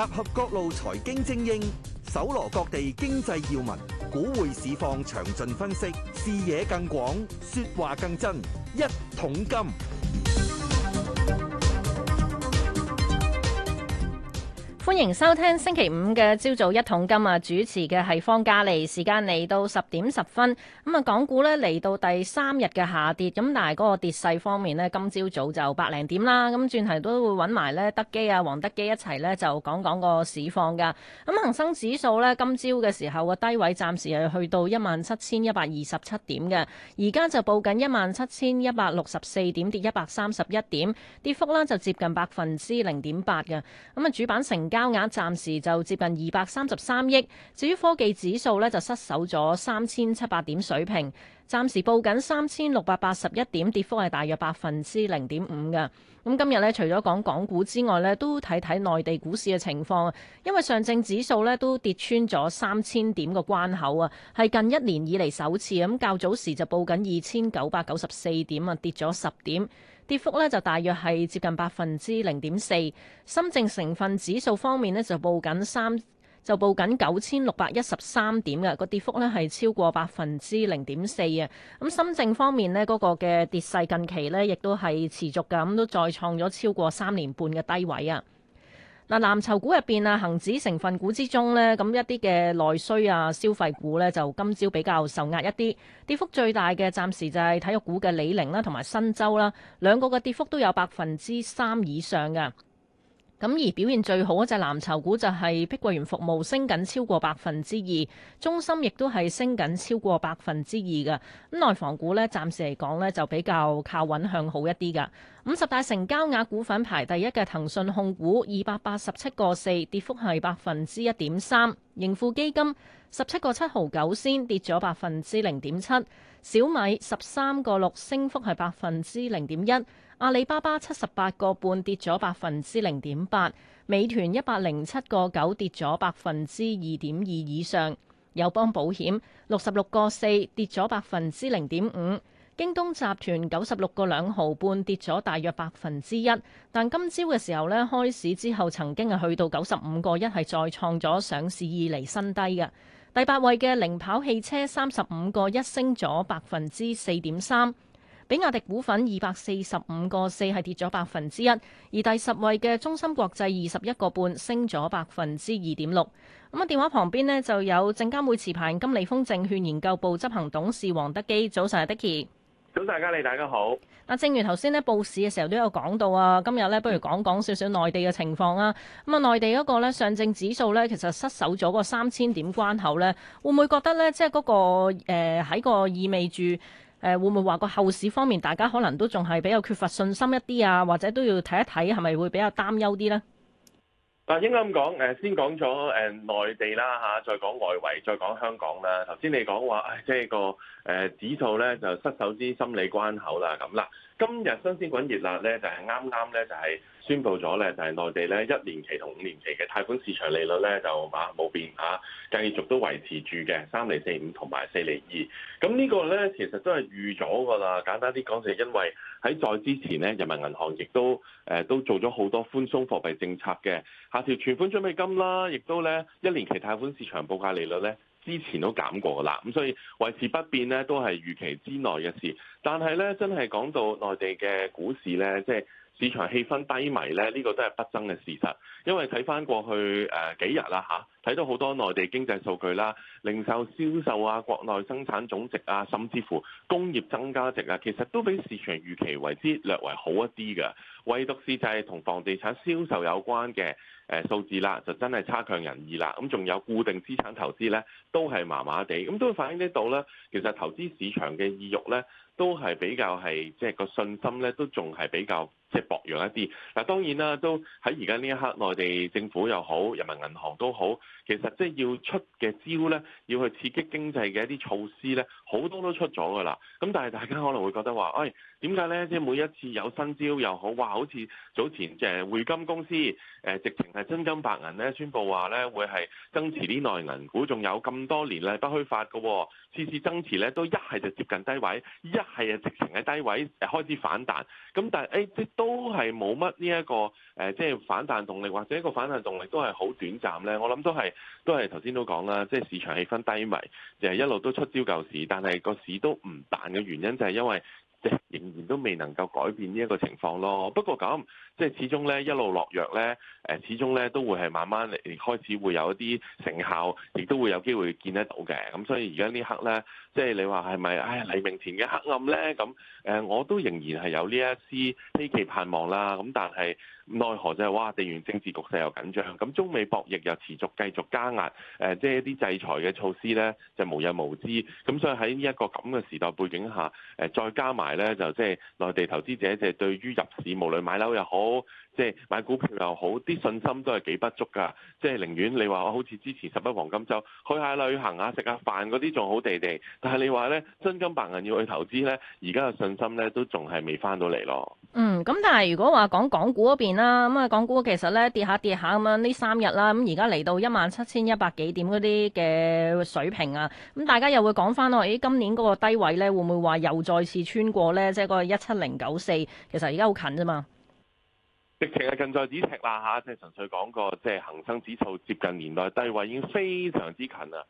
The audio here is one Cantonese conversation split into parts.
集合各路財經精英，搜羅各地經濟要聞，股匯市況詳盡分析，視野更廣，説話更真，一桶金。歡迎收聽星期五嘅朝早一桶金啊！主持嘅係方嘉利，時間嚟到十點十分。咁啊，港股咧嚟到第三日嘅下跌，咁但係嗰個跌勢方面咧，今朝早，早就百零點啦。咁轉頭都會揾埋咧德幾啊、黃德幾一齊咧就講講個市況噶。咁恒生指數咧今朝嘅時候個低位暫時係去到一萬七千一百二十七點嘅，而家就報緊一萬七千一百六十四點，跌一百三十一點，跌幅呢就接近百分之零點八嘅。咁啊，主板成交。交額暫時就接近二百三十三億。至於科技指數呢就失守咗三千七百點水平，暫時報緊三千六百八十一點，跌幅係大約百分之零點五噶。咁今日呢，除咗講港股之外呢都睇睇內地股市嘅情況。因為上證指數呢都跌穿咗三千點個關口啊，係近一年以嚟首次。咁較早時就報緊二千九百九十四點啊，跌咗十點。跌幅咧就大約係接近百分之零點四。深證成分指數方面呢，就報緊三就報緊九千六百一十三點嘅個跌幅咧係超過百分之零點四啊。咁深證方面呢，嗰個嘅跌勢近期呢亦都係持續噶，咁都再創咗超過三年半嘅低位啊。嗱，藍籌股入邊啊，恆指成分股之中呢，咁一啲嘅內需啊，消費股呢，就今朝比較受壓一啲，跌幅最大嘅暫時就係體育股嘅李寧啦，同埋新洲啦，兩個嘅跌幅都有百分之三以上嘅。咁而表現最好嗰隻藍籌股就係碧桂園服務，升緊超過百分之二；中心亦都係升緊超過百分之二嘅。咁內房股呢，暫時嚟講呢，就比較靠穩向好一啲嘅。五十大成交額股份排第一嘅騰訊控股二百八十七個四，跌幅係百分之一點三；盈富基金十七個七毫九仙，跌咗百分之零點七。小米十三個六升幅係百分之零點一，阿里巴巴七十八個半跌咗百分之零點八，美團一百零七個九跌咗百分之二點二以上，友邦保險六十六個四跌咗百分之零點五，京東集團九十六個兩毫半跌咗大約百分之一，但今朝嘅時候呢，開市之後曾經係去到九十五個一，係再創咗上市以嚟新低嘅。第八位嘅零跑汽車三十五個一升咗百分之四點三，比亞迪股份二百四十五個四係跌咗百分之一，而第十位嘅中芯國際二十一個半升咗百分之二點六。咁啊，電話旁邊呢就有證監會持牌金利豐證券研究部執行董事黃德幾，早晨啊，Dicky。咁大家你大家好。啊，正如頭先咧報市嘅時候都有講到啊，今日咧不如講講少少內地嘅情況啊。咁、嗯、啊，內地嗰個咧上證指數咧，其實失守咗個三千點關口咧，會唔會覺得咧，即係嗰、嗰個喺、呃、個意味住誒、呃，會唔會話個後市方面，大家可能都仲係比較缺乏信心一啲啊，或者都要睇一睇係咪會比較擔憂啲咧？嗱，應該咁講，誒先講咗誒內地啦嚇，再講外圍，再講香港啦。頭先你講話，誒即係個誒指數咧就失守啲心理關口啦，咁啦。今日新鮮滾熱辣咧就係啱啱咧就係宣布咗咧，就係內地咧一年期同五年期嘅貸款市場利率咧就啊冇變嚇，繼續都維持住嘅三厘四五同埋四厘二。咁呢個咧其實都係預咗㗎啦，簡單啲講就係因為。喺在再之前咧，人民銀行亦都誒、呃、都做咗好多寬鬆貨幣政策嘅，下調存款準備金啦，亦都咧一年期貸款市場報價利率咧之前都減過啦，咁所以維持不變咧都係預期之內嘅事。但係咧真係講到內地嘅股市咧，即、就、係、是、市場氣氛低迷咧，呢、這個都係不爭嘅事實，因為睇翻過去誒幾日啦嚇。啊睇到好多內地經濟數據啦，零售銷售啊，國內生產總值啊，甚至乎工業增加值啊，其實都比市場預期為之略為好一啲嘅。唯獨是就係同房地產銷售有關嘅誒數字啦，就真係差強人意啦。咁仲有固定資產投資呢，都係麻麻地，咁都反映得到呢，其實投資市場嘅意欲呢，都係比較係，即係個信心呢，都仲係比較。即係博揚一啲，嗱當然啦，都喺而家呢一刻，內地政府又好，人民銀行都好，其實即係要出嘅招咧，要去刺激經濟嘅一啲措施咧，好多都出咗噶啦。咁但係大家可能會覺得話，誒點解咧？即係每一次有新招又好，哇，好似早前誒匯金公司誒、呃、直情係真金白銀咧，宣布話咧會係增持啲內銀股，仲有咁多年咧不虛發噶、哦，次次增持咧都一係就接近低位，一係啊直情喺低位開始反彈。咁但係誒、欸，即都係冇乜呢一個誒、呃，即係反彈動力，或者一個反彈動力都係好短暫咧。我諗都係，都係頭先都講啦，即係市場氣氛低迷，就係、是、一路都出招救市，但係個市都唔彈嘅原因就係因為誒仍然都未能夠改變呢一個情況咯。不過咁，即係始終咧一路落藥咧，誒始終咧都會係慢慢嚟開始會有一啲成效，亦都會有機會見得到嘅。咁所以而家呢刻咧。即係你話係咪唉黎明前嘅黑暗呢？咁誒、呃、我都仍然係有呢一絲希冀盼望啦。咁但係奈何就係、是、哇，地緣政治局勢又緊張，咁中美博弈又持續繼續加壓。誒、呃，即、就、係、是、一啲制裁嘅措施呢就無日無之。咁所以喺呢一個咁嘅時代背景下，誒、呃、再加埋呢，就即係內地投資者，即係對於入市，無論買樓又好。即係買股票又好，啲信心都係幾不足㗎。即係寧願你話我好似之前十一黃金周去下旅行啊、食下飯嗰啲仲好地地，但係你話咧真金白銀要去投資咧，而家嘅信心咧都仲係未翻到嚟咯。嗯，咁但係如果話講港股嗰邊啦，咁啊港股其實咧跌下跌下咁樣呢三日啦，咁而家嚟到一萬七千一百幾點嗰啲嘅水平啊，咁大家又會講翻囉，咦？今年嗰個低位咧會唔會話又再次穿過咧？即係嗰個一七零九四，其實而家好近啫嘛。直情係近在咫尺啦嚇，即、啊、係純粹講個即係恒生指數接近年內低位已經非常之近啦。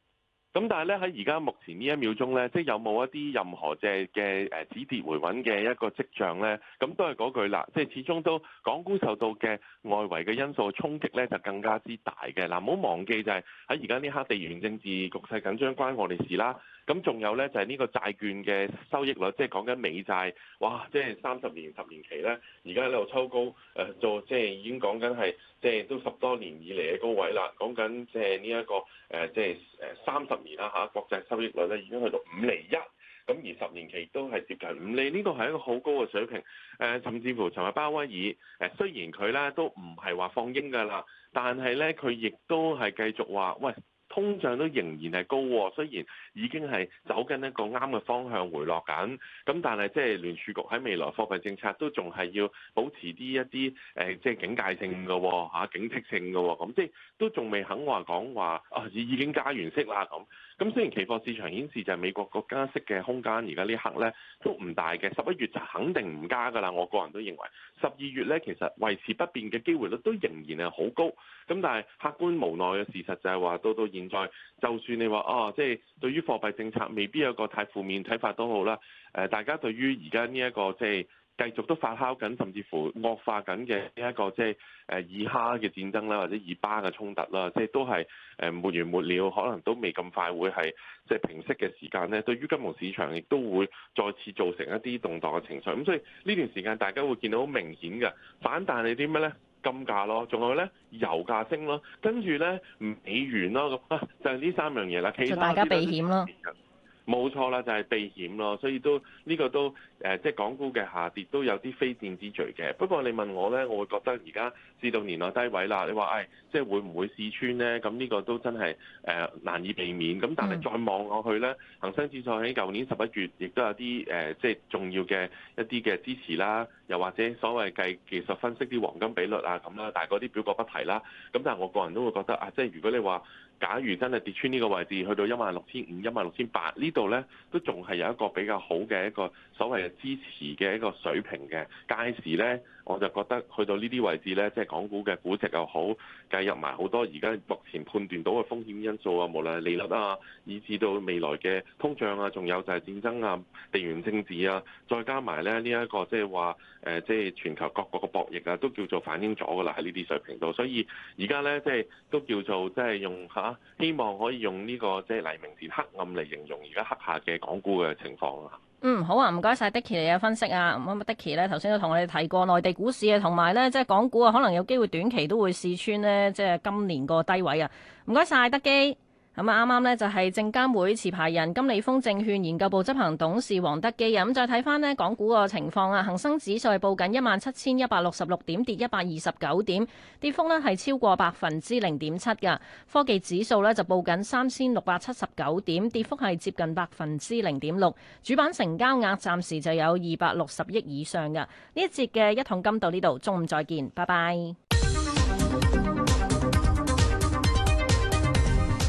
咁但係咧喺而家目前呢一秒鐘咧，即係有冇一啲任何即係嘅誒止跌回穩嘅一個跡象咧？咁都係嗰句啦，即係始終都港股受到嘅外圍嘅因素衝擊咧就更加之大嘅。嗱、啊，唔好忘記就係喺而家呢刻地緣政治局勢緊張關我哋事啦。咁仲有咧，就係呢個債券嘅收益率，即係講緊美債，哇！即係三十年、十年期咧，而家喺度抽高，誒、呃、做即係已經講緊係，即係都十多年以嚟嘅高位啦。講緊即係呢一個誒，即係誒三十年啦嚇、啊，國際收益率國債收益率咧已經去到五厘一，咁而十年期都係接近五厘，呢個係一個好高嘅水平。誒、呃，甚至乎尋日鮑威爾誒，雖然佢咧都唔係話放鷹噶啦，但係咧佢亦都係繼續話，喂！通脹都仍然係高喎、哦，雖然已經係走緊一個啱嘅方向回落緊，咁但係即係聯儲局喺未來貨幣政策都仲係要保持啲一啲誒即係警戒性嘅嚇、哦啊、警惕性嘅、哦，咁即係都仲未肯話講話啊已經加完息啦咁。咁雖然期貨市場顯示就係美國國家息嘅空間，而家呢刻呢都唔大嘅。十一月就肯定唔加噶啦，我個人都認為十二月呢其實維持不變嘅機會率都仍然係好高。咁但係客觀無奈嘅事實就係話，到到現在，就算你話哦，即係對於貨幣政策未必有個太負面睇法都好啦。誒、呃，大家對於而家呢一個即係。就是繼續都發酵緊，甚至乎惡化緊嘅呢一個即係誒以哈嘅戰爭啦，或者以巴嘅衝突啦，即係都係誒沒完沒了，可能都未咁快會係即係平息嘅時間咧。對於金融市場，亦都會再次造成一啲動盪嘅情緒。咁所以呢段時間，大家會見到好明顯嘅反彈係啲咩咧？金價咯，仲有咧油價升咯，跟住咧美元咯，咁啊就係、是、呢三樣嘢啦。其實大家避險啦。冇錯啦，就係、是、避險咯，所以都呢、這個都誒，即係港股嘅下跌都有啲非戰之罪嘅。不過你問我呢，我會覺得而家至到年內低位啦。你話誒，即係會唔會試穿呢？咁呢個都真係誒難以避免。咁但係再望落去呢，恒、嗯、生指數喺舊年十一月亦都有啲誒，即係重要嘅一啲嘅支持啦。又或者所謂計技術分析啲黃金比率啊咁啦，但係啲表格不提啦。咁但係我個人都會覺得啊，即係如果你話，假如真係跌穿呢個位置，去到一萬六千五、一萬六千八呢度呢，都仲係有一個比較好嘅一個所謂嘅支持嘅一個水平嘅，屆時咧，我就覺得去到呢啲位置咧，即係港股嘅估值又好，計入埋好多而家目前判斷到嘅風險因素啊，無論係利率啊，以至到未來嘅通脹啊，仲有就係戰爭啊、地緣政治啊，再加埋咧呢一、這個即係話誒，即、呃、係全球各國嘅博弈啊，都叫做反映咗噶啦喺呢啲水平度。所以而家咧，即、就、係、是、都叫做即係用嚇、啊，希望可以用呢個即係黎明前黑暗嚟形容而家黑下嘅港股嘅情況啊。嗯，好啊，唔該晒 Dicky 你嘅分析啊，咁啊 Dicky 咧，頭先都同我哋提過內地股市啊，同埋咧，即係港股啊，可能有機會短期都會試穿咧，即係今年個低位啊，唔該晒，德幾。咁啱啱呢就係證監會持牌人金利豐證券研究部執行董事黃德幾。咁再睇翻呢港股個情況啊，恆生指數係報緊一萬七千一百六十六點，跌一百二十九點，跌幅呢係超過百分之零點七嘅。科技指數呢就報緊三千六百七十九點，跌幅係接近百分之零點六。主板成交額暫時就有二百六十億以上嘅。呢一節嘅一桶金到呢度，中午再見，拜拜。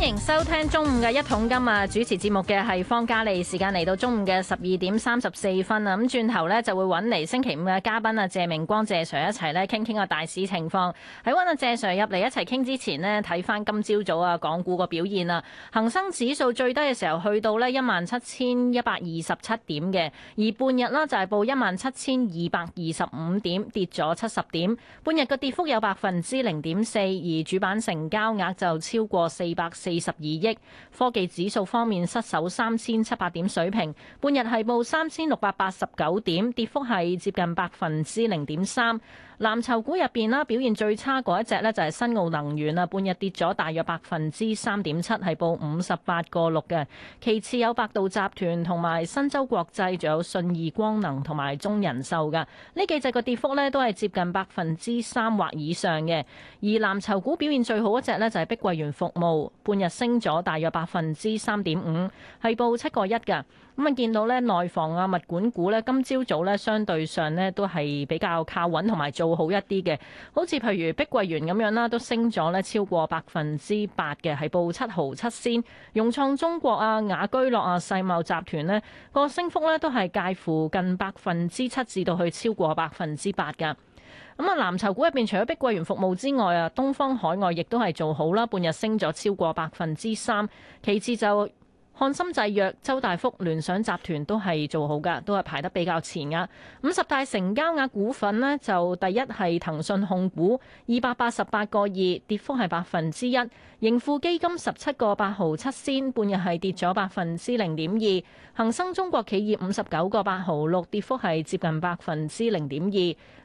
歡迎收聽中午嘅一桶金啊！主持節目嘅係方嘉利，時間嚟到中午嘅十二點三十四分啦。咁轉頭咧就會揾嚟星期五嘅嘉賓啊，謝明光、謝 Sir 一齊咧傾傾個大市情況。喺揾阿謝 Sir 入嚟一齊傾之前呢，睇翻今朝早啊港股個表現啦。恒生指數最低嘅時候去到呢一萬七千一百二十七點嘅，而半日啦就係報一萬七千二百二十五點，跌咗七十點，半日嘅跌幅有百分之零點四，而主板成交額就超過四百四。四十二億。科技指數方面失守三千七百點水平，半日係報三千六百八十九點，跌幅係接近百分之零點三。藍籌股入邊啦，表現最差嗰一隻呢，就係新奧能源啦，半日跌咗大約百分之三點七，係報五十八個六嘅。其次有百度集團同埋新洲國際，仲有信義光能同埋中人壽嘅。呢幾隻個跌幅呢，都係接近百分之三或以上嘅。而藍籌股表現最好一隻呢，就係碧桂園服務，半日升咗大約百分之三點五，係報七個一嘅。咁啊，見到咧內房啊、物管股咧，今朝早咧相對上咧都係比較靠穩同埋做好一啲嘅。好似譬如碧桂園咁樣啦，都升咗咧超過百分之八嘅，係報七毫七仙，融創中國啊、雅居樂啊、世茂集團呢、個升幅咧都係介乎近百分之七至到去超過百分之八嘅。咁啊、嗯，藍籌股入邊除咗碧桂園服務之外啊，東方海外亦都係做好啦，半日升咗超過百分之三。其次就翰森製藥、周大福、聯想集團都係做好噶，都係排得比較前噶。五十大成交額股份呢，就第一係騰訊控股二百八十八個二，跌幅係百分之一；盈富基金十七個八毫七仙，半日係跌咗百分之零點二；恒生中國企業五十九個八毫六，跌幅係接近百分之零點二；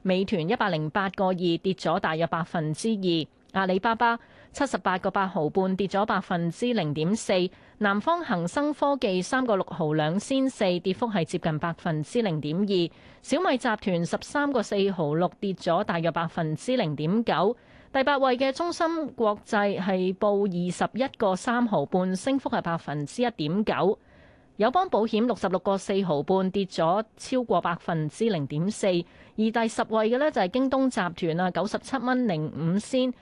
美團一百零八個二，跌咗大約百分之二；阿里巴巴七十八個八毫半，跌咗百分之零點四。南方恒生科技三個六毫兩仙四，跌幅係接近百分之零點二。小米集團十三個四毫六，跌咗大約百分之零點九。第八位嘅中芯國際係報二十一個三毫半，升幅係百分之一點九。友邦保險六十六個四毫半，跌咗超過百分之零點四。而第十位嘅呢，就係京東集團啊，九十七蚊零五仙。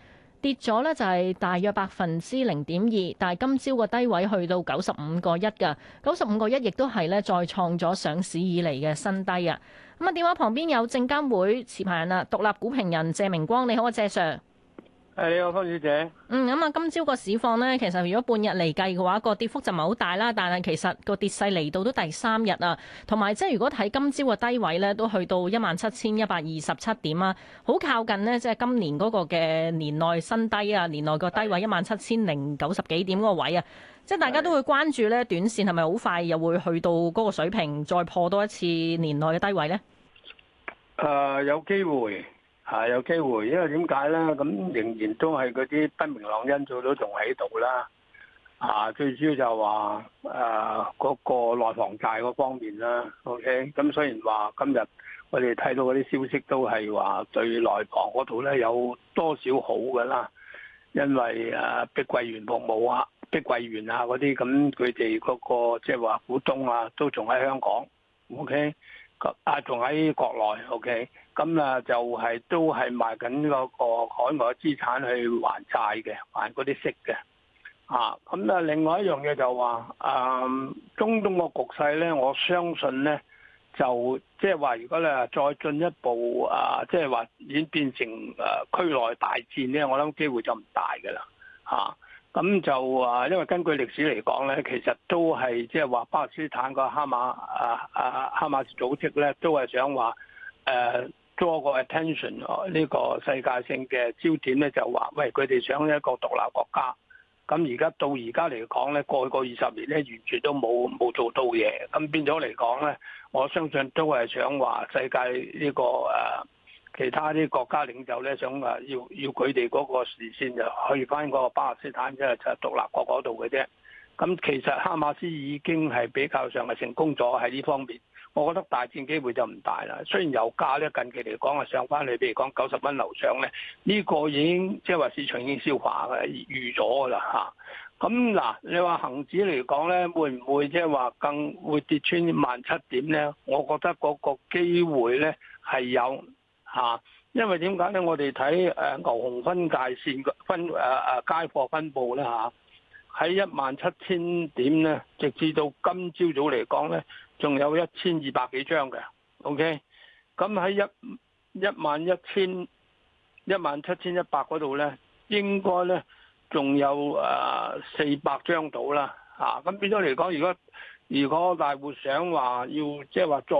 跌咗呢就係大約百分之零點二，但係今朝個低位去到九十五個一㗎，九十五個一亦都係呢再創咗上市以嚟嘅新低啊！咁啊，電話旁邊有證監會持牌人啦，獨立股評人謝明光，你好啊，謝 Sir。誒，你好，方小姐。嗯，咁啊，今朝個市況呢，其實如果半日嚟計嘅話，個跌幅就唔係好大啦。但係其實個跌勢嚟到都第三日啊，同埋即係如果睇今朝嘅低位呢，都去到一萬七千一百二十七點啊，好靠近呢，即係今年嗰個嘅年內新低啊，年內個低位一萬七千零九十幾點嗰個位啊，的即係大家都會關注呢，短線係咪好快又會去到嗰個水平，再破多一次年內嘅低位呢？誒、呃，有機會。啊，有機會，因為點解咧？咁仍然都係嗰啲不明朗因素都仲喺度啦。啊，最主要就係話，誒嗰個內房債嗰方面啦。O K，咁雖然話今日我哋睇到嗰啲消息都係話，對內房嗰度咧有多少好嘅啦。因為啊，碧桂園服務啊，碧桂園啊嗰啲，咁佢哋嗰個即係話股東啊，都仲喺香港。O K。啊，仲喺國內，OK，咁啊就係、是、都係賣緊嗰個海外資產去還債嘅，還嗰啲息嘅，啊，咁啊另外一樣嘢就話，啊、嗯，中東個局勢咧，我相信咧就即係話，就是、如果咧再進一步啊，即係話已經變成啊、呃、區內大戰咧，我諗機會就唔大嘅啦，嚇、啊。咁就話，因為根據歷史嚟講咧，其實都係即係話巴勒斯坦個哈馬啊，啊哈馬斯組織咧，都係想話誒 draw 個 attention 呢個世界性嘅焦點咧，就話喂，佢哋想一個獨立國家。咁而家到而家嚟講咧，過去個二十年咧，完全都冇冇做到嘢。咁變咗嚟講咧，我相信都係想話世界呢、呢個誒。呃其他啲國家領袖咧想誒，要要佢哋嗰個視線就去翻嗰個巴勒斯坦，即係就係、是、獨立國嗰度嘅啫。咁其實哈馬斯已經係比較上係成功咗喺呢方面。我覺得大戰機會就唔大啦。雖然油價咧，近期嚟講係上翻去，譬如講九十蚊樓上咧，呢、這個已經即係話市場已經消化嘅預咗㗎啦嚇。咁、啊、嗱，你話恒指嚟講咧，會唔會即係話更會跌穿萬七點咧？我覺得嗰個機會咧係有。嚇，因為點解咧？我哋睇誒牛熊分界線分誒誒街貨分佈咧嚇，喺一萬七千點咧，直至到今朝早嚟講咧，仲有一千二百幾張嘅。OK，咁喺一一萬一千、一萬七千一百嗰度咧，應該咧仲有誒四百張到啦。嚇，咁變咗嚟講，如果如果大戶想話要即係話再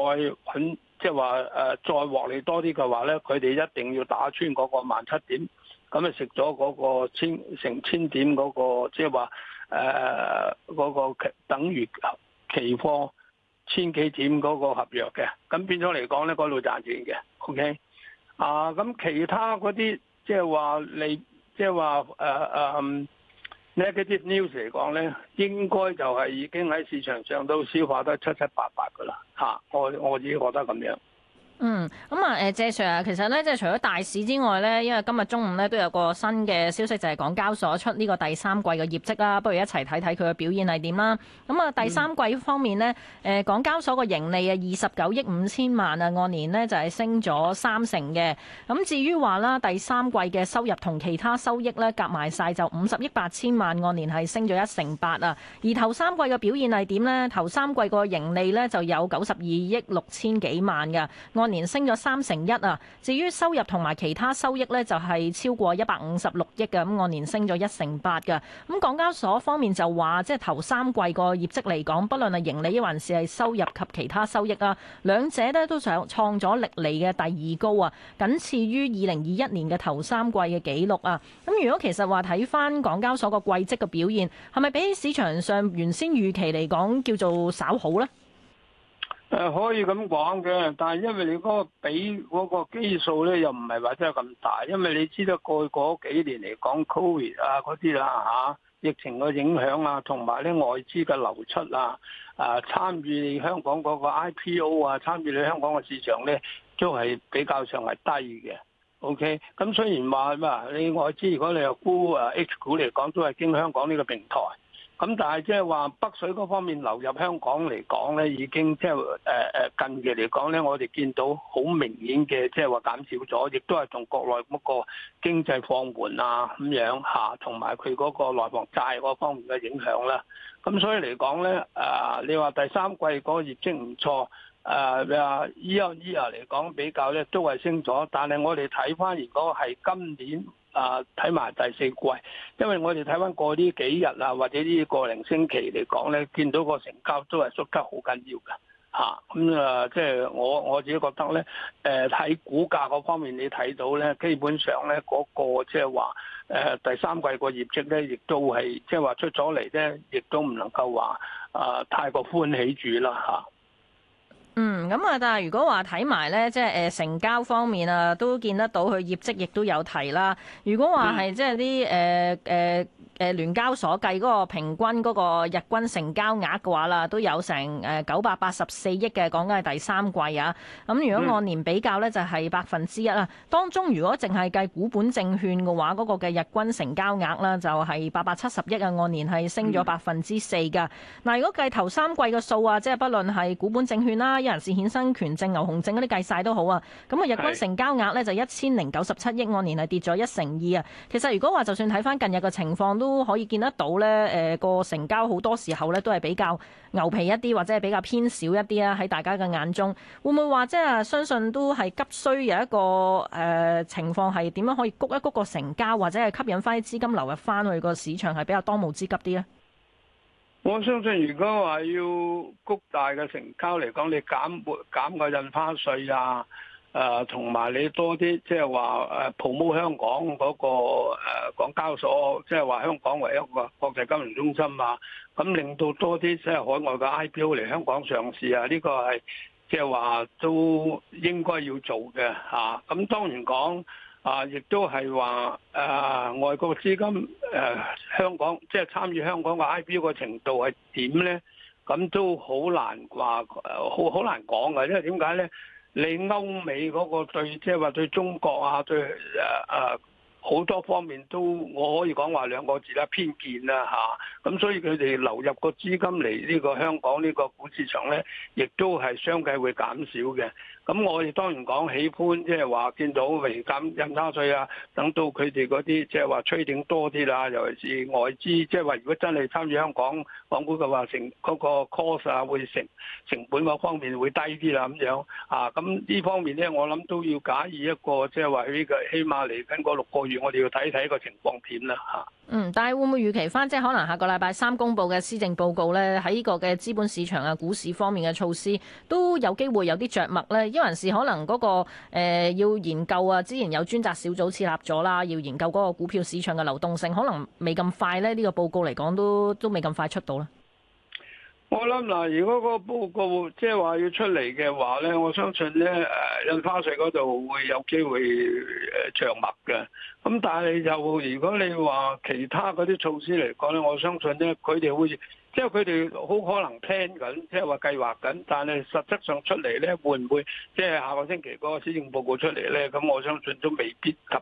揾。即係話誒，再獲利多啲嘅話咧，佢哋一定要打穿嗰個萬七點，咁啊食咗嗰個千成千點嗰個，即係話誒嗰個等於期貨千幾點嗰個合約嘅，咁變咗嚟講咧，嗰度賺錢嘅，OK，啊，咁其他嗰啲即係話你，即係話誒誒。呃嗯呢一啲啲 news 嚟講呢，應該就係已經喺市場上都消化得七七八八㗎喇吓，我我自己覺得咁樣。嗯，咁啊，誒，謝 sir 啊，其實咧，即係除咗大市之外咧，因為今日中午咧都有個新嘅消息，就係、是、港交所出呢個第三季嘅業績啦。不如一齊睇睇佢嘅表現係點啦。咁啊，第三季方面咧，誒，港交所個盈利啊，二十九億五千萬啊，按年咧就係升咗三成嘅。咁、嗯、至於話啦，第三季嘅收入同其他收益咧，夾埋晒就五十億八千萬，按年係升咗一成八啊。而頭三季嘅表現係點咧？頭三季個盈利咧就有九十二億六千幾萬噶。按年升咗三成一啊！至於收入同埋其他收益呢，就係超過一百五十六億嘅，咁按年升咗一成八嘅。咁港交所方面就話，即係頭三季個業績嚟講，不論係盈利還是係收入及其他收益啊，兩者呢都想創咗歷嚟嘅第二高啊，僅次於二零二一年嘅頭三季嘅紀錄啊。咁如果其實話睇返港交所個季績嘅表現，係咪比起市場上原先預期嚟講叫做稍好呢？誒，可以咁講嘅，但係因為你嗰個比嗰、嗰個基數咧，又唔係話真係咁大，因為你知道過去嗰幾年嚟講，COVID 啊嗰啲啦嚇，疫情嘅影響啊，同埋咧外資嘅流出啊，啊參與香港嗰個 IPO 啊，參與你香港嘅、啊、市場咧，都係比較上係低嘅。OK，咁雖然話啊，你外資如果你又估啊 H 股嚟講，都係經香港呢個平台。咁但係即係話北水嗰方面流入香港嚟講咧，已經即係誒誒近期嚟講咧，我哋見到好明顯嘅即係話減少咗，亦都係同國內嗰個經濟放緩啊咁樣嚇，同埋佢嗰個內房債嗰方面嘅影響啦。咁所以嚟講咧，誒、呃、你話第三季嗰個業績唔錯，誒、呃、year year 嚟講比較咧都係升咗，但係我哋睇翻如果係今年。啊，睇埋第四季，因為我哋睇翻過呢幾日啊，或者呢個零星期嚟講咧，見到個成交都係縮得好緊要噶嚇，咁啊，即、嗯、係、就是、我我自己覺得咧，誒、呃、喺股價嗰方面你睇到咧，基本上咧嗰、那個即係話誒第三季個業績咧，亦都係即係話出咗嚟咧，亦都唔能夠話啊、呃、太過歡喜住啦嚇。啊嗯，咁啊，但係如果話睇埋咧，即係誒成交方面啊，都見得到佢業績亦都有提啦。如果話係即係啲誒誒誒聯交所計嗰個平均嗰個日均成交額嘅話啦，都有成誒九百八十四億嘅，講緊係第三季啊。咁、嗯、如果按年比較咧，就係百分之一啦。當中如果淨係計股本證券嘅話，嗰、嗰個嘅日均成交額啦，就係八百七十億啊，按年係升咗百分之四噶。嗱，如果計頭三季嘅數啊，即係不論係股本證券啦。人士衍生權證、牛熊證嗰啲計晒都好啊，咁啊日均成交額呢，就一千零九十七億元元，按年係跌咗一成二啊。其實如果話就算睇翻近日嘅情況，都可以見得到呢誒個、呃、成交好多時候呢，都係比較牛皮一啲，或者係比較偏少一啲啊。喺大家嘅眼中，會唔會話即係相信都係急需有一個誒、呃、情況係點樣可以谷一谷個成交，或者係吸引翻啲資金流入翻去個市場係比較當務之急啲呢？我相信，如果話要谷大嘅成交嚟講，你減減個印花稅啊，誒、啊，同埋你多啲即係話誒 promote 香港嗰、那個誒、啊、港交所，即係話香港唯一一個國際金融中心啊，咁令到多啲即係海外嘅 IPO 嚟香港上市啊，呢、這個係即係話都應該要做嘅吓，咁、啊、當然講。啊！亦都係話誒，外國資金誒、呃、香港即係參與香港個 IPO 個程度係點呢？咁都好難話，好、呃、好難講嘅，因為點解呢？你歐美嗰個對即係話對中國啊，對誒誒好多方面都我可以講話兩個字啦，偏見啦、啊、嚇。咁、啊、所以佢哋流入個資金嚟呢個香港呢個股市場呢，亦都係相繼會減少嘅。咁我哋當然講喜歡，即係話見到微減印花稅啊，等到佢哋嗰啲即係話催勁多啲啦，尤其是外資，即係話如果真係參與香港港股嘅話成、嗰個成，成嗰個 cost 啊會成成本嗰方面會低啲啦咁樣啊，咁、啊、呢、啊、方面咧，我諗都要假以一個即係話呢個起碼嚟緊嗰六個月，我哋要睇睇個情況點啦嚇。啊嗯，但係會唔會預期翻即係可能下個禮拜三公佈嘅施政報告呢，喺呢個嘅資本市場啊、股市方面嘅措施都有機會有啲着墨呢？因為是可能嗰、嗰個、呃、要研究啊，之前有專責小組設立咗啦，要研究嗰個股票市場嘅流動性，可能未咁快呢，呢、呢個報告嚟講都都未咁快出到啦。我諗嗱，如果個報告即係話要出嚟嘅話咧，我相信咧誒印花稅嗰度會有機會誒著墨嘅。咁但係就如果你話其他嗰啲措施嚟講咧，我相信咧佢哋會即係佢哋好可能 plan 緊，即係話計劃緊、就是。但係實質上出嚟咧，會唔會即係、就是、下個星期嗰個施政報告出嚟咧？咁我相信都未必及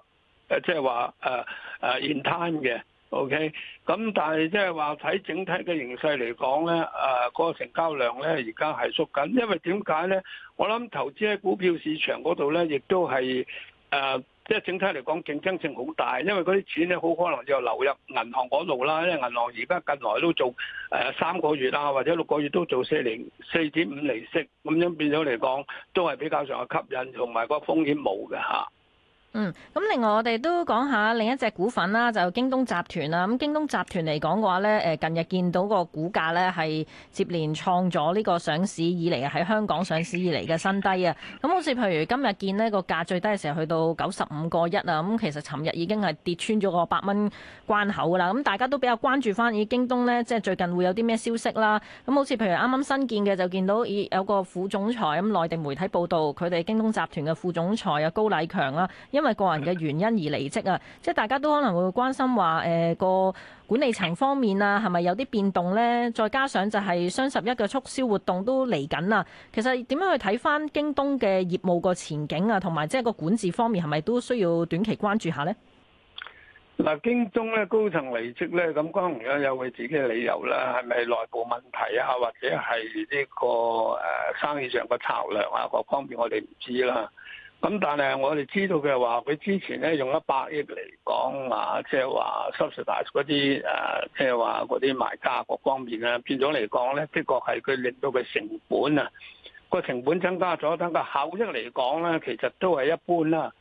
誒，即係話誒誒 in time 嘅。O K. 咁但係即係話睇整體嘅形勢嚟講咧，啊嗰個成交量咧而家係縮緊，因為點解咧？我諗投資喺股票市場嗰度咧，亦都係誒，即、呃、係整體嚟講競爭性好大，因為嗰啲錢咧好可能就流入銀行嗰度啦，因為銀行而家近來都做誒三個月啊，或者六個月都做四厘四點五利息，咁樣變咗嚟講都係比較上嘅吸引，同埋個風險冇嘅嚇。嗯，咁另外我哋都講下另一隻股份啦，就係京東集團啦。咁京東集團嚟講嘅話咧，誒近日見到個股價咧係接連創咗呢個上市以嚟喺香港上市以嚟嘅新低啊。咁好似譬如今日見呢個價最低嘅時候去到九十五個一啊。咁其實尋日已經係跌穿咗個百蚊關口㗎啦。咁大家都比較關注翻，以京東呢，即係最近會有啲咩消息啦。咁好似譬如啱啱新建嘅就見到以有個副總裁，咁內地媒體報道佢哋京東集團嘅副總裁啊高禮強啦，因為個人嘅原因而離職啊，即係大家都可能會關心話，誒、呃、個管理層方面啊，係咪有啲變動呢？再加上就係雙十一嘅促銷活動都嚟緊啦。其實點樣去睇翻京東嘅業務個前景啊，同埋即係個管治方面係咪都需要短期關注下呢？嗱，京東咧高層離職呢，咁當然有有佢自己嘅理由啦，係咪內部問題啊，或者係呢個誒生意上嘅策略啊，各方面我哋唔知啦。咁但係我哋知道嘅話，佢之前咧用一百億嚟講啊，即係話 Subsidiary 嗰啲誒，即係話嗰啲買家各方面變呢啊，變咗嚟講咧，的確係佢令到佢成本啊，個成本增加咗，等個效益嚟講咧，其實都係一般啦。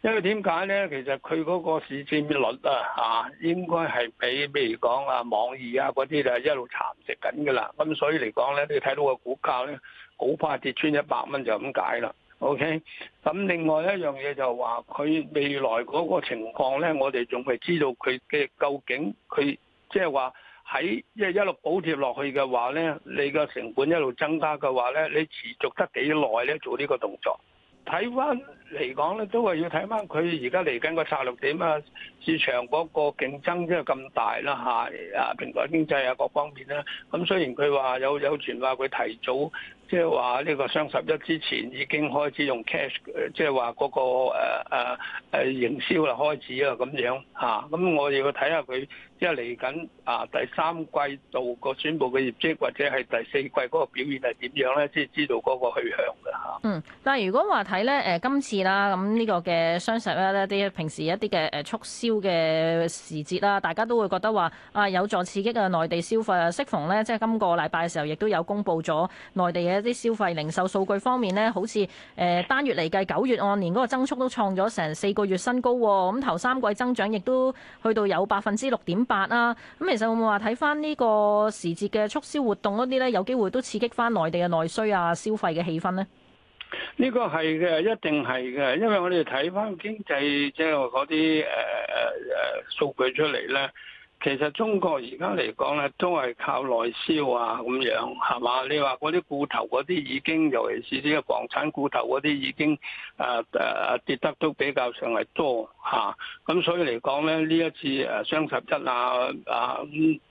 因為點解咧？其實佢嗰個市佔率啊，吓、啊、應該係比，譬如講啊網易啊嗰啲啊一路蠶食緊噶啦。咁所以嚟講咧，你睇到個股價咧，好快跌穿一百蚊就咁解啦。O K. 咁另外一樣嘢就話、是、佢未來嗰個情況咧，我哋仲未知道佢嘅究竟佢、就是、即係話喺即係一路補貼落去嘅話咧，你個成本一路增加嘅話咧，你持續得幾耐咧做呢個動作？睇翻嚟講咧，都係要睇翻佢而家嚟緊個策略點啊。市場嗰個競爭即係咁大啦嚇，啊平台經濟啊各方面啦。咁雖然佢話有有傳話佢提早，即係話呢個雙十一之前已經開始用 cash，即係話嗰個誒誒誒營銷啦開始啊咁樣吓，咁我哋要睇下佢。即係嚟緊啊第三季度個宣佈嘅業績，或者係第四季嗰個表現係點樣咧？即係知道嗰個去向嘅嚇、嗯呃。嗯，但係如果話睇咧誒今次啦，咁呢個嘅雙十一咧，啲平時一啲嘅誒促銷嘅時節啦，大家都會覺得話啊有助刺激啊內地消費。適逢咧，即係今個禮拜嘅時候，亦都有公布咗內地嘅一啲消費零售數據方面咧，好似誒、呃、單月嚟計九月按年嗰個增速都創咗成四個月新高，咁、嗯、頭三季增長亦都去到有百分之六點八啊，咁其實會唔會話睇翻呢個時節嘅促銷活動嗰啲咧，有機會都刺激翻內地嘅內需啊，消費嘅氣氛呢？呢個係嘅，一定係嘅，因為我哋睇翻經濟即係嗰啲誒誒誒數據出嚟咧。其實中國而家嚟講咧，都係靠內銷啊，咁樣係嘛？你話嗰啲固投嗰啲已經，尤其是呢個房產固投嗰啲已經，誒、啊、誒、啊、跌得都比較上係多嚇。咁、啊、所以嚟講咧，呢一次誒雙十一啊啊，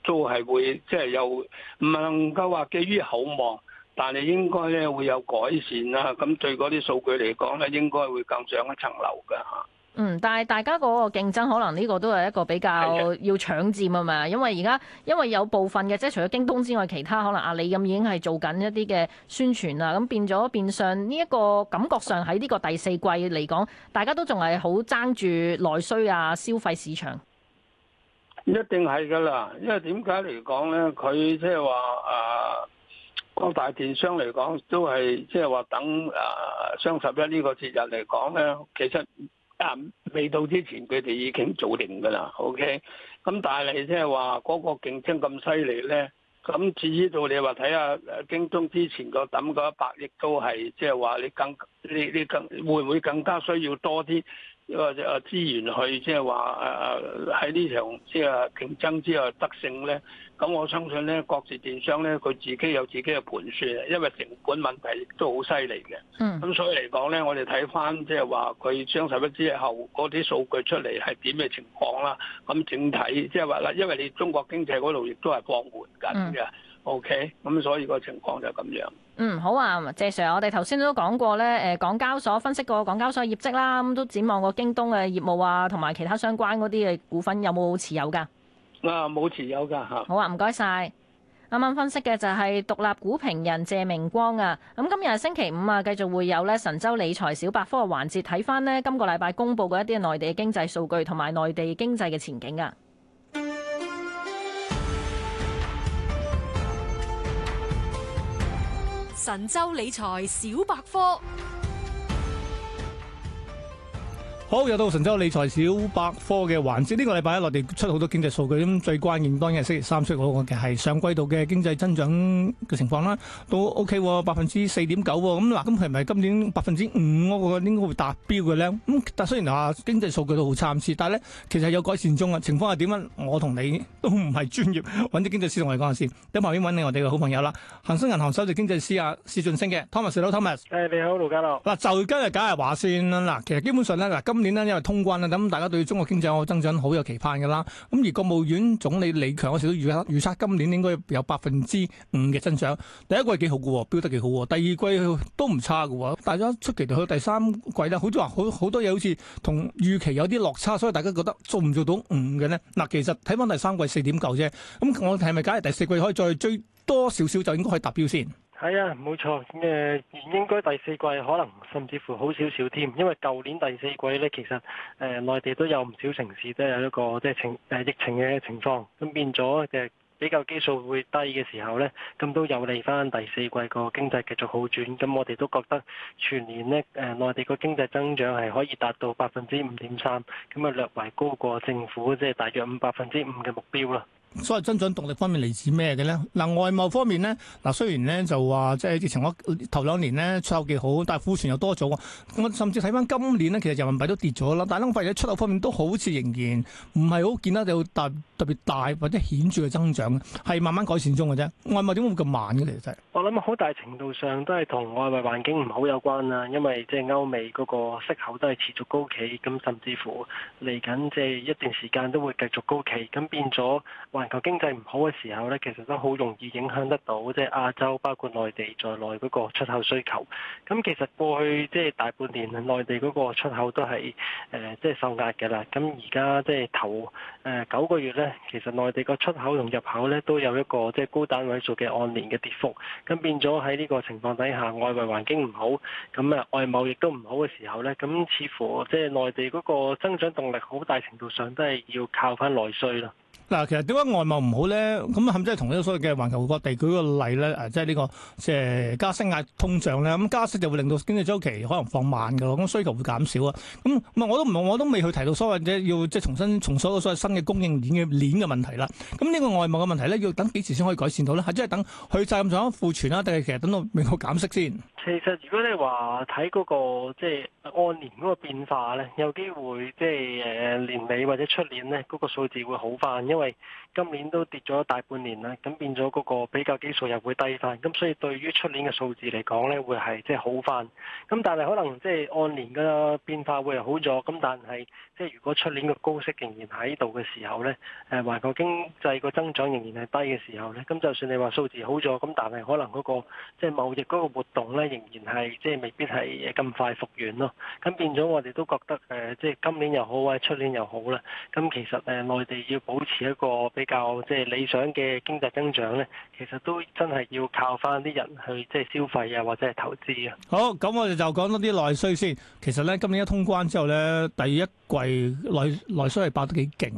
都係會即係又唔能夠話寄於厚望，但係應該咧會有改善啦、啊。咁對嗰啲數據嚟講咧，應該會更上一層樓噶嚇。啊。嗯，但係大家嗰個競爭可能呢個都係一個比較要搶佔啊嘛，因為而家因為有部分嘅即係除咗京東之外，其他可能阿里咁已經係做緊一啲嘅宣傳啦，咁變咗變相呢一個感覺上喺呢個第四季嚟講，大家都仲係好爭住內需啊消費市場，一定係噶啦，因為點解嚟講咧？佢即係話誒，各、呃、大電商嚟講都係即係話等誒雙、呃、十一呢個節日嚟講咧，其實。未到之前，佢哋已經做定噶啦。OK，咁但係你即係話嗰個競爭咁犀利咧，咁至於到你話睇下誒京東之前個抌嗰一百億都係即係話你更你你更，你更會唔會更加需要多啲？或者啊資源去即係話啊喺呢場即係競爭之下得勝咧，咁我相信咧，各自電商咧佢自己有自己嘅盤算，因為成本問題亦都好犀利嘅。嗯，咁所以嚟講咧，我哋睇翻即係話佢雙十一之後嗰啲數據出嚟係點嘅情況啦。咁整體即係話啦，因為你中國經濟嗰度亦都係放緩緊嘅。O.K.，咁所以個情況就咁樣。嗯，好啊，謝 Sir，我哋頭先都講過咧，誒、呃，港交所分析過港交所業績啦，咁都展望過京東嘅業務啊，同埋其他相關嗰啲嘅股份有冇持有噶？啊，冇持有噶嚇。好啊，唔該晒。啱啱分析嘅就係獨立股評人謝明光啊。咁、嗯、今日係星期五啊，繼續會有咧神州理財小百科嘅環節，睇翻呢今個禮拜公佈嘅一啲內地經濟數據同埋內地經濟嘅前景啊。神州理財小百科。好，又到神州理財小百科嘅環節，呢個禮拜一內地出好多經濟數據，咁最關鍵當然星期三出嗰個嘅係上季度嘅經濟增長嘅情況啦，都 O K，百分之四點九喎，咁嗱，咁係咪今年百分之五嗰個應該會達標嘅咧？咁但雖然啊，經濟數據都好參差，但係咧其實有改善中啊。情況係點啊？我同你都唔係專業，揾啲經濟師同我哋講下先。一旁邊揾你我哋嘅好朋友啦，恒生銀行首席經濟師啊，史俊升嘅 Th Thomas hello，Thomas。誒，你好，盧家樂。嗱，就今日梗係話先啦。嗱，其實基本上咧，嗱今今年咧因為通關啦，咁大家對中國經濟個增長好有期盼嘅啦。咁而國務院總理李強嗰時都預測預測今年應該有百分之五嘅增長。第一季幾好嘅，標得幾好。第二季都唔差嘅，大家出奇去到第三季咧，多多好多話好好多嘢，好似同預期有啲落差，所以大家覺得做唔做到五嘅呢。嗱，其實睇翻第三季四點九啫。咁我哋係咪假如第四季可以再追多少少就應該可以達標先？係啊，冇、哎、錯誒、呃，應該第四季可能甚至乎好少少添，因為舊年第四季呢，其實誒、呃、內地都有唔少城市都有一個即係、就是、情誒、呃、疫情嘅情況，咁變咗嘅、就是、比較基數會低嘅時候呢，咁都有利翻第四季個經濟繼續好轉，咁我哋都覺得全年呢，誒、呃、內地個經濟增長係可以達到百分之五點三，咁啊略為高過政府即係、就是、大約五百分之五嘅目標啦。所謂增長動力方面嚟自咩嘅咧？嗱、呃，外貿方面咧，嗱雖然咧就話即係之前我頭兩年咧出口幾好，但係庫存又多咗。我甚至睇翻今年咧，其實人民幣都跌咗啦。但係我發現喺出口方面都好似仍然唔係好見得到特特別大或者顯著嘅增長，係慢慢改善中嘅啫。外貿點會咁慢嘅其實？我諗好大程度上都係同外貿環境唔好有關啦，因為即係歐美嗰個息口都係持續高企，咁甚至乎嚟緊即係一段時間都會繼續高企，咁變咗。全球經濟唔好嘅時候呢，其實都好容易影響得到即係、就是、亞洲，包括內地在內嗰個出口需求。咁其實過去即係大半年，內地嗰個出口都係誒即係受壓嘅啦。咁而家即係頭誒九個月呢，其實內地個出口同入口呢，都有一個即係高單位數嘅按年嘅跌幅。咁變咗喺呢個情況底下，外圍環境唔好，咁啊外貿亦都唔好嘅時候呢，咁似乎即係內地嗰個增長動力好大程度上都係要靠返內需啦。嗱，其實點解外貿唔好咧？咁係咪即係同呢個所謂嘅環球各地舉個例咧，啊，即係呢個即係、呃、加息壓通脹咧，咁加息就會令到經濟周期可能放慢嘅咯，咁需求會減少啊。咁、嗯、我都唔，我都未去提到所謂即係要即係重新重所有所謂新嘅供應鏈嘅鏈嘅問題啦。咁呢個外貿嘅問題咧，要等幾時先可以改善到咧？係即係等去曬咁多庫存啦、啊，定係其實等到美國減息先？其實如果你話睇嗰個即係、就是、按年嗰個變化咧，有機會即係誒年尾或者出年呢，嗰、那個數字會好翻，因因為今年都跌咗大半年啦，咁變咗嗰個比較基數又會低翻，咁所以對於出年嘅數字嚟講咧，會係即係好翻。咁但係可能即係按年嘅變化會好咗，咁但係。即係如果出年個高息仍然喺度嘅時候呢，誒，環球經濟個增長仍然係低嘅時候呢，咁就算你話數字好咗，咁但係可能嗰個即係貿易嗰個活動呢，仍然係即係未必係咁快復原咯。咁變咗我哋都覺得誒，即係今年又好或者出年又好啦。咁其實誒內地要保持一個比較即係理想嘅經濟增長呢，其實都真係要靠返啲人去即係消費啊或者係投資啊。好，咁我哋就講多啲內需先。其實呢，今年一通關之後呢，第一季。內內需係爆得幾勁，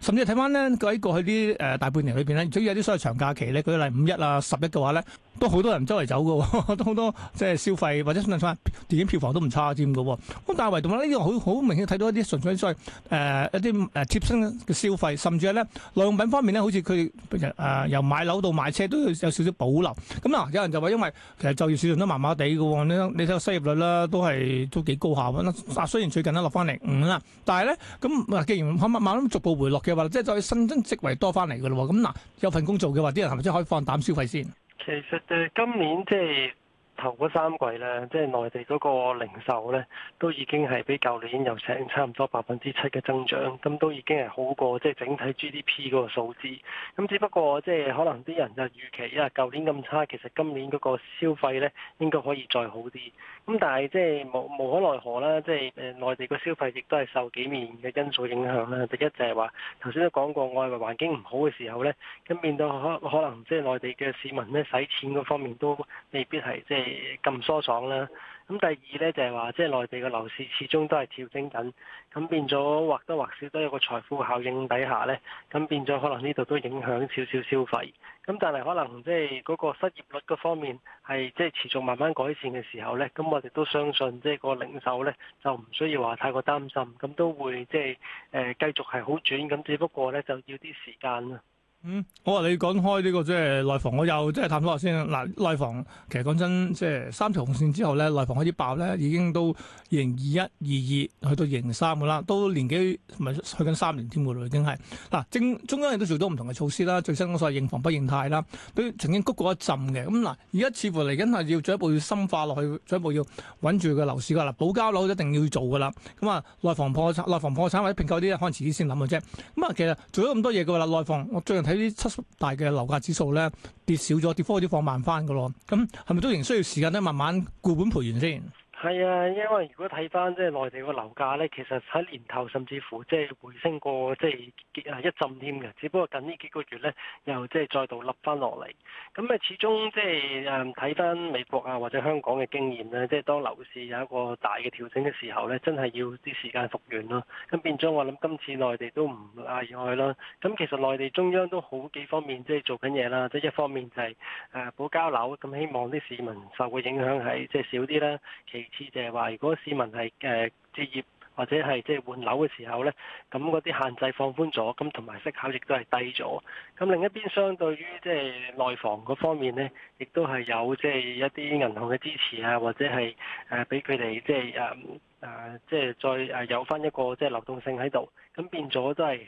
甚至睇翻咧，喺過去啲誒、呃、大半年裏邊呢，總有啲所謂長假期咧，佢例如五一啊、十一嘅話咧，都好多人周圍走嘅、哦，都好多即係消費或者甚至電影票房都唔差添嘅、哦。咁但係唯獨呢啲好好明顯睇到一啲純粹所謂誒、呃、一啲誒貼身嘅消費，甚至係咧內用品方面呢，好似佢誒由買樓到買車都有少少保留。咁嗱，有人就話因為其實就業市場都麻麻地嘅喎，你睇你個失業率啦，都係都幾高下啦。啊，雖然最近都落翻嚟五啦。但係咧，咁啊，既然可慢慢逐步回落嘅話，即係再新增職位多翻嚟嘅咯喎，咁嗱有份工做嘅話，啲人係咪真係可以放膽消費先？其實誒，今年即係，頭嗰三季呢，即係內地嗰個零售呢，都已經係比舊年又成差唔多百分之七嘅增長，咁都已經係好過即係整體 GDP 嗰個數字。咁只不過即係可能啲人就預期，因為舊年咁差，其實今年嗰個消費呢應該可以再好啲。咁但係即係無無可奈何啦，即係誒內地個消費亦都係受幾面嘅因素影響啦。第一就係話頭先都講過，外圍環境唔好嘅時候呢，咁面對可可能即係內地嘅市民呢，使錢嗰方面都未必係即係，咁疏爽啦，咁第二呢，就係話，即係內地嘅樓市始終都係調整緊，咁變咗或多或少都有個財富效應底下呢，咁變咗可能呢度都影響少少消費，咁但係可能即係嗰個失業率嗰方面係即係持續慢慢改善嘅時候呢，咁我哋都相信即係個零售呢就唔需要話太過擔心，咁都會即係誒繼續係好轉，咁只不過呢，就要啲時間啦。嗯，我、哦、話你講開呢，這個即係內房，我又即係探索下先啊。嗱，內房其實講真，即係三條紅線之後咧，內房開始爆咧，已經都二零二一、二二去到二零三嘅啦，都年幾同去緊三年添嘅咯，已經係嗱正中央亦都做咗唔同嘅措施啦。最新嗰個所謂認房不認貸啦，都曾經谷過一陣嘅。咁嗱，而家似乎嚟緊係要進一步要深化落去，進一步要穩住個樓市嘅啦。保交樓一定要做嘅啦。咁啊，內房破產、內房破產或者併購啲可能遲啲先諗嘅啫。咁啊，其實做咗咁多嘢嘅話啦，內房我最喺啲七十大嘅樓價指數咧跌少咗，跌科啲，放慢翻噶咯。咁係咪都仍需要時間咧，慢慢固本培元先？係啊，因為如果睇翻即係內地個樓價呢，其實喺年頭甚至乎即係回升過即係一陣添嘅，只不過近呢幾個月呢，又即係再度笠翻落嚟。咁誒始終即係誒睇翻美國啊或者香港嘅經驗呢，即係當樓市有一個大嘅調整嘅時候呢，真係要啲時間復原咯。咁變咗我諗今次內地都唔例外啦。咁其實內地中央都好幾方面即係做緊嘢啦，即係一方面就係誒保交樓，咁希望啲市民受嘅影響係即係少啲啦。其次就係話，如果市民係誒置業或者係即係換樓嘅時候呢，咁嗰啲限制放寬咗，咁同埋息口亦都係低咗。咁另一邊，相對於即係內房嗰方面呢，亦都係有即係一啲銀行嘅支持啊，或者係誒俾佢哋即係誒。Um, 誒，即係、啊就是、再誒有翻一個即係流動性喺度，咁變咗都係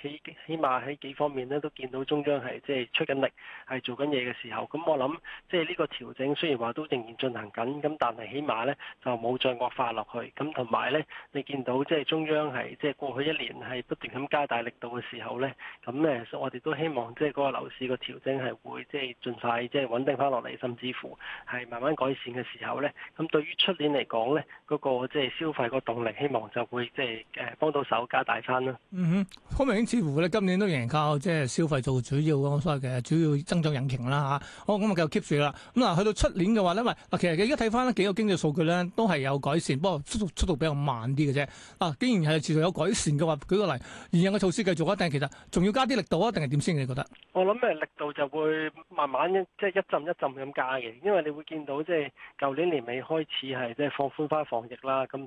誒起，起碼喺幾方面咧都見到中央係即係出緊力，係做緊嘢嘅時候，咁我諗即係呢個調整雖然話都仍然進行緊，咁但係起碼咧就冇再惡化落去，咁同埋咧你見到即係中央係即係過去一年係不斷咁加大力度嘅時候咧，咁咧我哋都希望即係嗰個樓市個調整係會即係盡快即係穩定翻落嚟，甚至乎係慢慢改善嘅時候咧，咁對於出年嚟講咧嗰、那個即係。消費個動力，希望就會即係誒幫到手加大翻咯。嗯哼，好明顯似乎咧今年都仍然靠即係消費做主要，我所謂嘅主要增長引擎啦嚇。好咁啊，繼續 keep 住啦。咁嗱，去到出年嘅話咧，咪嗱，其實你而家睇翻咧幾個經濟數據咧，都係有改善，不過速速度比較慢啲嘅啫。啊，既然係持續有改善嘅話，舉個例，現有嘅措施繼續啊，定其實仲要加啲力度啊，定係點先？你覺得？我諗咧力度就會慢慢即係一浸一浸咁加嘅，因為你會見到即係舊年年尾開始係即係放寬翻防疫啦，咁。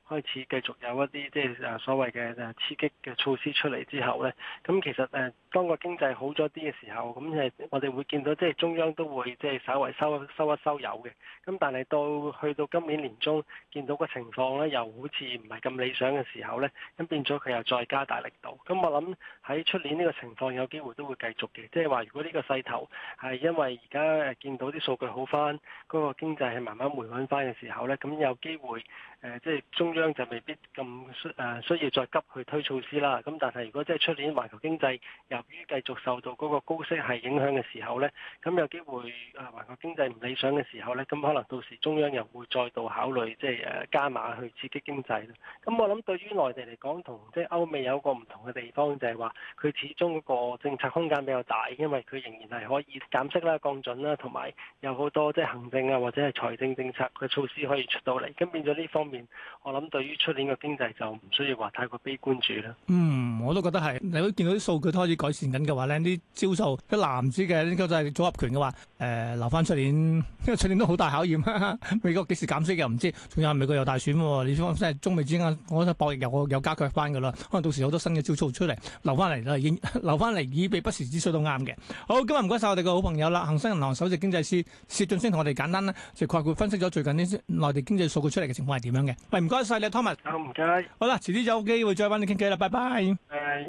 開始繼續有一啲即係誒所謂嘅誒刺激嘅措施出嚟之後呢，咁其實誒當個經濟好咗啲嘅時候，咁誒我哋會見到即係中央都會即係稍微收一收一收油嘅。咁但係到去到今年年中見到個情況咧，又好似唔係咁理想嘅時候呢，咁變咗佢又再加大力度。咁我諗喺出年呢個情況有機會都會繼續嘅，即係話如果呢個勢頭係因為而家誒見到啲數據好翻，嗰個經濟係慢慢回穩翻嘅時候呢，咁有機會誒即係中央，就未必咁需誒需要再急去推措施啦。咁但係如果即係出年環球經濟由於繼續受到嗰個高息係影響嘅時候咧，咁有機會誒環球經濟唔理想嘅時候咧，咁可能到時中央又會再度考慮即係誒加碼去刺激經濟。咁我諗對於內地嚟講同即係歐美有個唔同嘅地方就係話佢始終嗰個政策空間比較大，因為佢仍然係可以減息啦、降準啦，同埋有好多即係行政啊或者係財政政策嘅措施可以出到嚟。咁變咗呢方面，我諗。對於出年嘅經濟就唔需要話太過悲觀住啦。嗯，我都覺得係。你都見到啲數據都開始改善緊嘅話咧，啲招數啲男子嘅就係組合權嘅話，誒、呃、留翻出年，因為出年都好大考驗。美國幾時減息嘅，唔知，仲有美國有大選，呢方即係中美之間，我覺得博弈又又加劇翻㗎啦。可能到時好多新嘅招數出嚟，留翻嚟啦，已經留翻嚟，以備不時之需都啱嘅。好，今日唔該晒我哋嘅好朋友啦，恒生銀行首席經濟師薛俊昇同我哋簡單咧就概括分析咗最近呢內地經濟數據出嚟嘅情況係點樣嘅。唔、哎、該。多謝 Thomas。唔該。好啦，遲啲有機會再揾你傾偈啦，拜拜。